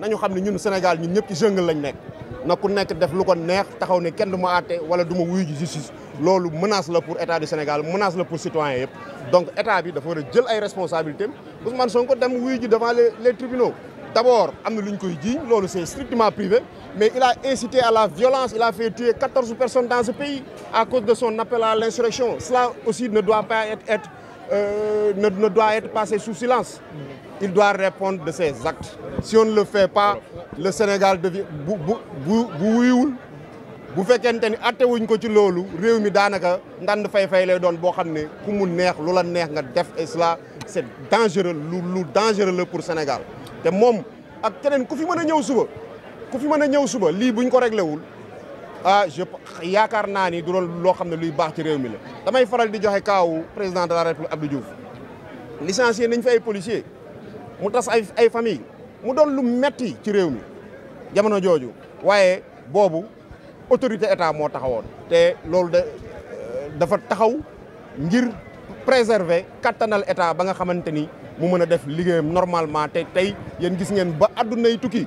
nañu que nous ñun Sénégal nous ñëpp ci les jeunes. Nous avons ku nekk def lu ko neex taxaw ne kenn pas faire àtte wala du ma menace pour état du Sénégal menace pour citoyen citoyens. donc l'État bi dafa war a jël ay responsabilités Ousmane Sonko dem allé devant les tribunaux D'abord, il strictement privé mais il a incité à la violence il a fait tuer 14 personnes dans ce pays à cause de son appel à l'insurrection. cela aussi ne doit pas être euh, ne, ne, doit être passé sous silence. Il doit répondre de ses actes. Si on ne le fait pas, le Sénégal devient... bu bu bu wuyul bu fekkente ni wuñ ko ci lolu réew mi daanaka ndand fay-fay lay doon bo xamné ku mu neex lula neex nga def et cela c'est dangereux lu dangereux le pour Sénégal te mom ak keneen ku fi mën a ñëw suba ku fi mën a ñëw suba li buñ ko réglé wul ah je yaakaar naa ni du doon loo xam ne luy baax ci réew mi la. damay faral di joxe kaaw président de la république Abdou Diouf licencié nañ fi ay policiers mu tas ay ay famille mu doon lu metti ci réew mi jamono jooju waaye boobu autorité état moo taxawoon. te loolu de euh, dafa taxaw ngir préserver kattanal état ba nga xamante ni mu mën a def liggéeyam normalement tey tey yéen gis ngeen ba yi tukki.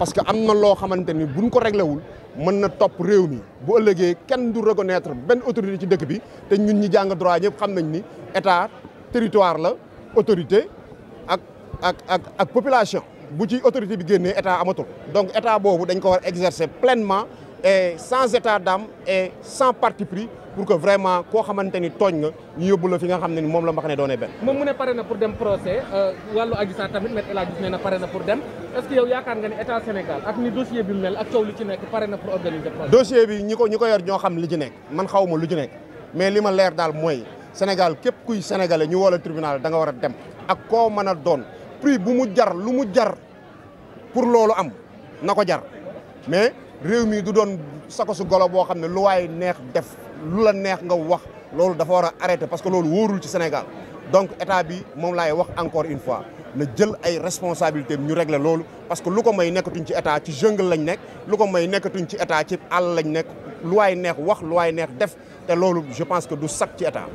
parce que amna lo xamanteni buñ ko régler wul mën na top réew mi bu ëllëgé kenn du reconnaître ben autorité ci dëkk bi té ñun ñi jàng droit ñëpp xam nañ ni état territoire la autorité ak ak ak, ak population bu ci autorité bi génné état amatul donc état bobu dañ ko war exercer pleinement et sans état d'âme et sans parti pris pour que vraiment ko xamante ni tooñ nga ñu yóbbu la fi nga xamné mom la mbax doone ben mom moom mu ne pare na pour dem procès euh wàllu Adji Sarr tamit met El Hadji Diouf na pare na pour dem est-ce que yow yaakaar nga ni état Sénégal ak ni dossier bi mel ak taw li ci nek paré na pour organiser procès. dossier bi ñiko ñiko yor ño xam li ci nek man xawma lu ci nek mais lima lèr dal moy Sénégal képp kuy sénégalais ñu woo tribunal da nga wara a dem. ak ko mën doon prix bu mu jar lu mu jar pour lolu am nako jar mais. réew mii du doon su golo boo xam ne lu waaye neex def lu la neex nga wax loolu dafa war a arrêter parce que loolu wóorul ci Sénégal donc état bi moom laay wax encore une fois na jël ay responsabilités ñu régler loolu parce que lu ko may nekkatuñ ci état ci jungle lañ nekk lu ko may nekkatuñ ci état ci àll lañ nekk lu waay neex wax lu waay neex def te loolu je pense que du sax ci état